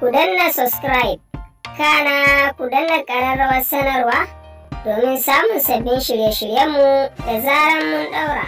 ku danna subscribe kana ku danna ƙararrawar sanarwa domin samun sabbin shirye-shiryenmu da zaran mun daura.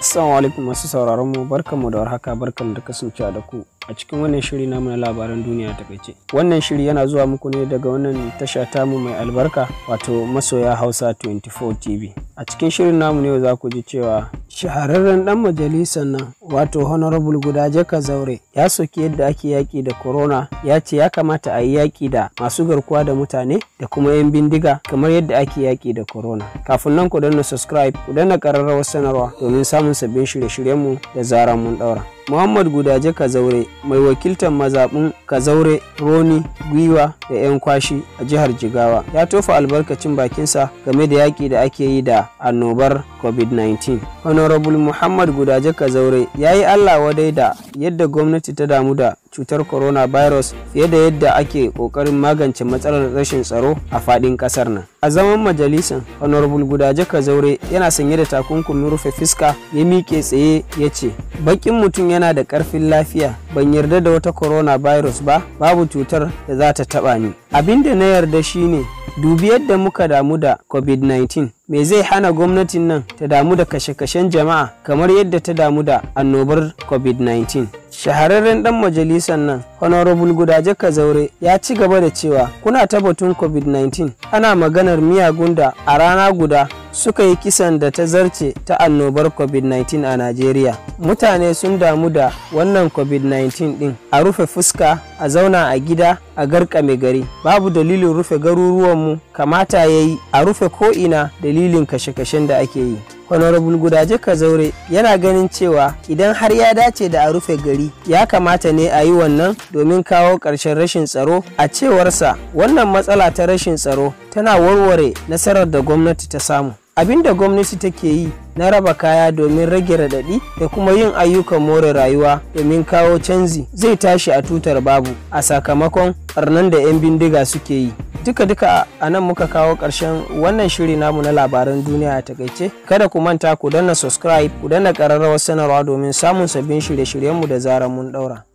Assalamu alaikum masu sauraron mu barkanmu da warhaka barkanmu da kasancewa da ku a cikin wannan shiri namu na labaran duniya ta kaice. Wannan shiri yana zuwa muku ne daga wannan tasha mu mai albarka wato masoya Hausa 24 TV. A cikin shirin namu ne za ku ji cewa shahararren dan majalisar nan wato honorable jaka zaure ya soki yadda ake yaƙi da corona ya ce ya kamata a yi yaƙi da masu garkuwa da mutane da kuma 'yan bindiga kamar yadda ake yaƙi da corona kafin nan ku danna subscribe ku danna ƙararrawar sanarwa domin samun sabbin shirye-shiryenmu da zarar mun ɗaura Muhammad Gudaje Kazaure mai wakiltar mazaɓin Kazaure, Roni, Gwiwa da 'yan kwashi a jihar Jigawa ya tofa albarkacin bakinsa game da yaƙi da ake yi da annobar COVID-19. Honorable Muhammad Gudaje Kazaure ya yi Allah wadai da yadda gwamnati ta damu da cutar coronavirus fiye da yadda ake kokarin magance matsalar rashin tsaro a fadin kasar nan a zaman majalisan, honorable gudaje kazaure yana sanye da takunkumin rufe fuska ya miƙe tsaye ya ce bakin mutum yana da ƙarfin lafiya ban yarda da wata coronavirus ba babu cutar da za ta taɓa ni abin da na yarda shine dubi yadda muka damu da covid-19 me zai hana gwamnatin nan ta damu da kashe-kashen jama'a kamar yadda ta damu da annobar covid-19 shahararren dan majalisar nan honorable gudaje zaure ya ci gaba da cewa kuna ta batun covid-19 ana maganar miyagun da a rana guda suka yi kisan da ta zarce ta annobar covid-19 a najeriya mutane sun damu da wannan covid-19 din a rufe fuska a zauna a gida a garkame gari babu dalilin rufe garuruwanmu kamata ya yi a rufe ko'ina dalilin kashe-kashen da ake yi honorable gudaje kazaure yana ganin cewa idan har ya dace da a rufe gari ya kamata ne a yi wannan domin kawo ƙarshen rashin tsaro a cewarsa wannan matsala ta rashin tsaro tana warware nasarar da gwamnati ta samu abin da gwamnati take yi na raba kaya domin rage raɗaɗi da kuma yin ayyukan more rayuwa domin kawo canji zai tashi a tutar babu a sakamakon ɓarnan da 'yan bindiga suke yi duka-duka a nan muka kawo ƙarshen wannan shiri namu na labaran duniya a takaice kada ku manta ku danna subscribe ku danna ƙararrawar sanarwa domin samun sabbin shirye-shiryenmu da zarar mun ɗaura.